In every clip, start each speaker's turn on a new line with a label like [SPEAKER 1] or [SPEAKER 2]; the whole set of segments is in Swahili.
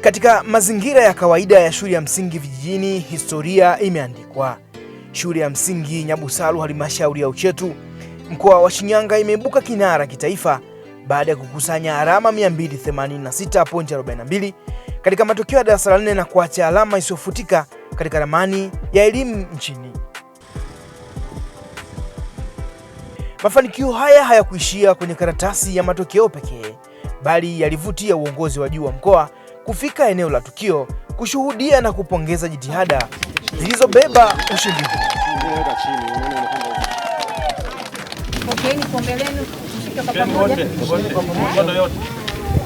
[SPEAKER 1] Katika mazingira ya kawaida ya shule ya msingi vijijini, historia imeandikwa. Shule ya msingi Nyabusalu, halmashauri ya Uchetu, mkoa wa Shinyanga, imeibuka kinara kitaifa baada ya kukusanya alama 286.42 katika matokeo ya darasa la nne na kuacha alama isiyofutika katika ramani ya elimu nchini. Mafanikio haya hayakuishia kwenye karatasi ya matokeo pekee, bali yalivutia uongozi wa juu wa mkoa kufika eneo la tukio kushuhudia na kupongeza jitihada zilizobeba ushindi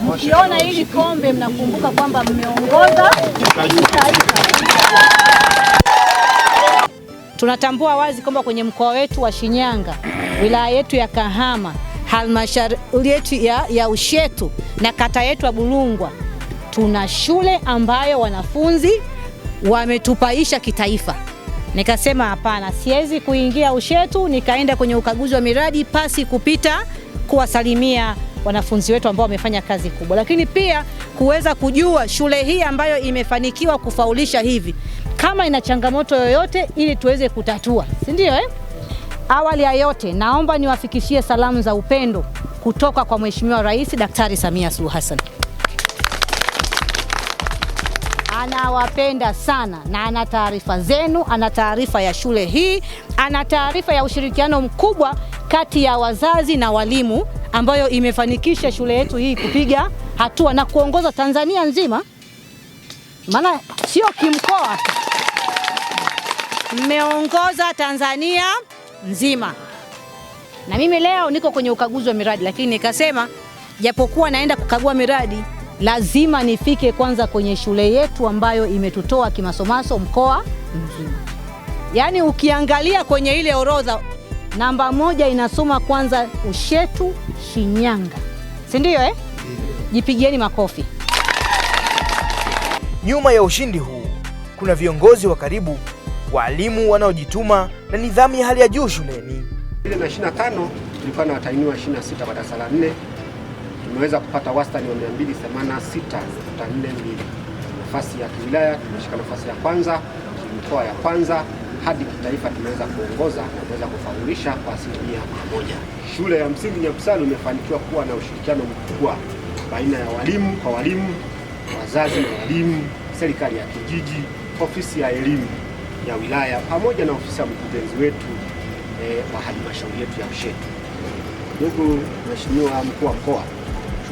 [SPEAKER 2] Mkiona hili kombe, mnakumbuka kwamba mmeongoza taifa.
[SPEAKER 3] Tunatambua wazi kwamba kwenye mkoa wetu wa Shinyanga, wilaya yetu ya Kahama, halmashauri yetu ya, ya Ushetu na kata yetu ya Bulungwa tuna shule ambayo wanafunzi wametupaisha kitaifa. Nikasema hapana, siwezi kuingia Ushetu. Nikaenda kwenye ukaguzi wa miradi pasi kupita kuwasalimia wanafunzi wetu ambao wamefanya kazi kubwa, lakini pia kuweza kujua shule hii ambayo imefanikiwa kufaulisha hivi kama ina changamoto yoyote, ili tuweze kutatua, si ndio eh? Awali ya yote, naomba niwafikishie salamu za upendo kutoka kwa Mheshimiwa Rais Daktari Samia Suluhu Hassan anawapenda sana na ana taarifa zenu, ana taarifa ya shule hii, ana taarifa ya ushirikiano mkubwa kati ya wazazi na walimu ambayo imefanikisha shule yetu hii kupiga hatua na kuongoza Tanzania nzima, maana sio kimkoa, mmeongoza Tanzania nzima. Na mimi leo niko kwenye ukaguzi wa miradi, lakini nikasema japokuwa naenda kukagua miradi lazima nifike kwanza kwenye shule yetu ambayo imetutoa kimasomaso mkoa mzima. Yaani ukiangalia kwenye ile orodha namba moja inasoma kwanza Ushetu Shinyanga, si ndio eh? Jipigieni makofi.
[SPEAKER 1] Nyuma ya ushindi huu kuna viongozi wa karibu, walimu wanaojituma na nidhamu ya hali ya juu shuleni.
[SPEAKER 4] Ile na 25 ilikuwa na watahiniwa 26 wa darasa la 4 tumeweza kupata wastani wa 286.42. Nafasi ya kiwilaya tumeshika nafasi ya kwanza, kimkoa ya kwanza hadi kitaifa tumeweza kuongoza na kuweza kufaulisha kwa asilimia moja. Shule ya msingi Nyampsalo imefanikiwa kuwa na ushirikiano mkubwa baina ya walimu kwa walimu, wazazi na walimu, serikali ya kijiji, ofisi ya elimu ya wilaya pamoja na ofisi ya mkurugenzi wetu e, wa halmashauri yetu ya Ushetu. Ndugu Mheshimiwa mkuu wa mkoa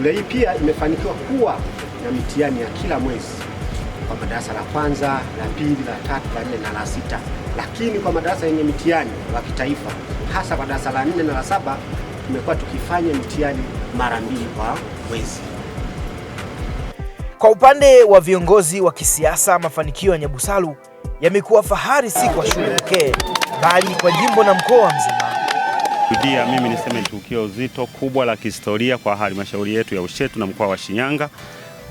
[SPEAKER 4] Shule hii pia imefanikiwa kuwa na mitihani ya kila mwezi kwa madarasa la kwanza, la pili, la tatu, la nne na la sita, lakini kwa madarasa yenye mitihani wa kitaifa, hasa kwa darasa la nne na la saba, tumekuwa tukifanya mitihani mara mbili kwa mwezi.
[SPEAKER 1] Kwa upande wa viongozi wa kisiasa, mafanikio ya Nyabusalu yamekuwa fahari si kwa shule pekee, bali kwa jimbo na mkoa mzima.
[SPEAKER 5] Rudia mimi niseme ni tukio zito kubwa la kihistoria kwa halmashauri yetu ya Ushetu na mkoa wa Shinyanga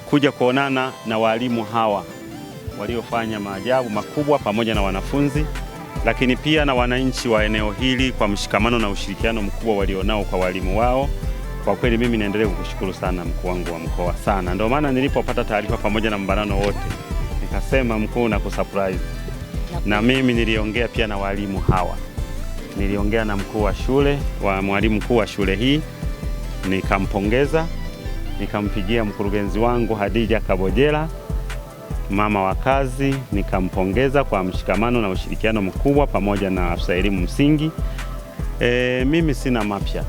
[SPEAKER 5] kuja kuonana na walimu hawa waliofanya maajabu makubwa pamoja na wanafunzi, lakini pia na wananchi wa eneo hili kwa mshikamano na ushirikiano mkubwa walionao kwa walimu wao. Kwa kweli mimi naendelea kukushukuru sana mkuu wangu wa mkoa sana. Ndio maana nilipopata taarifa pamoja na mbanano wote nikasema mkuu, na kusurprise na mimi niliongea pia na walimu hawa niliongea na mkuu wa shule wa mwalimu mkuu wa shule hii nikampongeza, nikampigia mkurugenzi wangu Hadija Kabojela, mama wa kazi, nikampongeza kwa mshikamano na ushirikiano mkubwa pamoja na afisa elimu msingi. E, mimi sina mapya.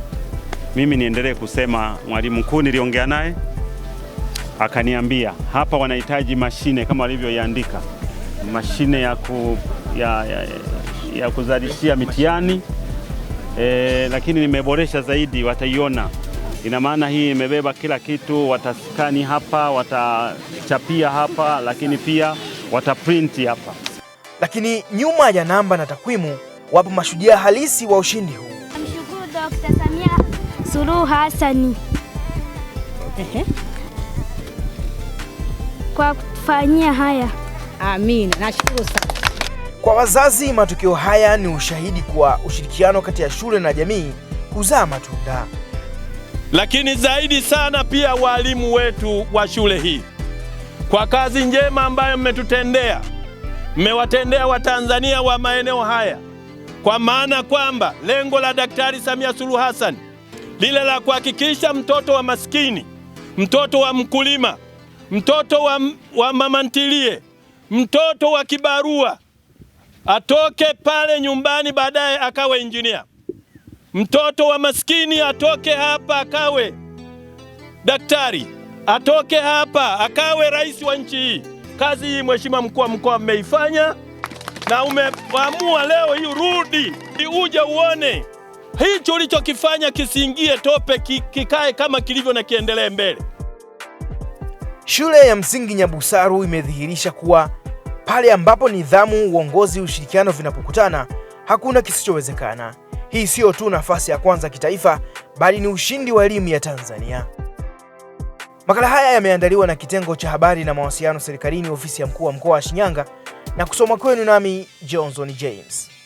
[SPEAKER 5] Mimi niendelee kusema mwalimu mkuu niliongea naye akaniambia hapa wanahitaji mashine kama walivyoiandika mashine ya, ku, ya, ya, ya ya kuzalishia mitihani e, lakini nimeboresha zaidi, wataiona. Ina maana hii imebeba kila kitu, wataskani hapa, watachapia hapa, lakini pia wataprinti hapa.
[SPEAKER 1] Lakini nyuma ya namba na takwimu wapo mashujaa halisi wa ushindi huu.
[SPEAKER 6] Namshukuru Dr. Samia Suluhu Hassan kwa kutufanyia haya.
[SPEAKER 3] Amina, nashukuru sana.
[SPEAKER 1] Kwa wazazi, matukio haya ni ushahidi kuwa ushirikiano kati ya shule na jamii huzaa matunda.
[SPEAKER 7] Lakini zaidi sana pia walimu wetu wa shule hii, kwa kazi njema ambayo mmetutendea, mmewatendea Watanzania wa maeneo haya, kwa maana kwamba lengo la Daktari Samia Suluhu Hassan lile la kuhakikisha mtoto wa maskini, mtoto wa mkulima, mtoto wa, wa mama ntilie, mtoto wa kibarua atoke pale nyumbani, baadaye akawe injinia. Mtoto wa maskini atoke hapa akawe daktari, atoke hapa akawe rais wa nchi hii. Kazi hii mheshimiwa mkuu wa mkoa mmeifanya, na umeamua leo hii, rudi uje uone hicho ulichokifanya kisiingie tope, kikae kama kilivyo na kiendelee mbele.
[SPEAKER 1] Shule ya msingi Nyabusaru imedhihirisha kuwa pale ambapo nidhamu, uongozi, ushirikiano vinapokutana, hakuna kisichowezekana. Hii siyo tu nafasi ya kwanza kitaifa, bali ni ushindi wa elimu ya Tanzania. Makala haya yameandaliwa na kitengo cha habari na mawasiliano serikalini, ofisi ya mkuu wa mkoa wa Shinyanga, na kusoma kwenu nami Johnson James.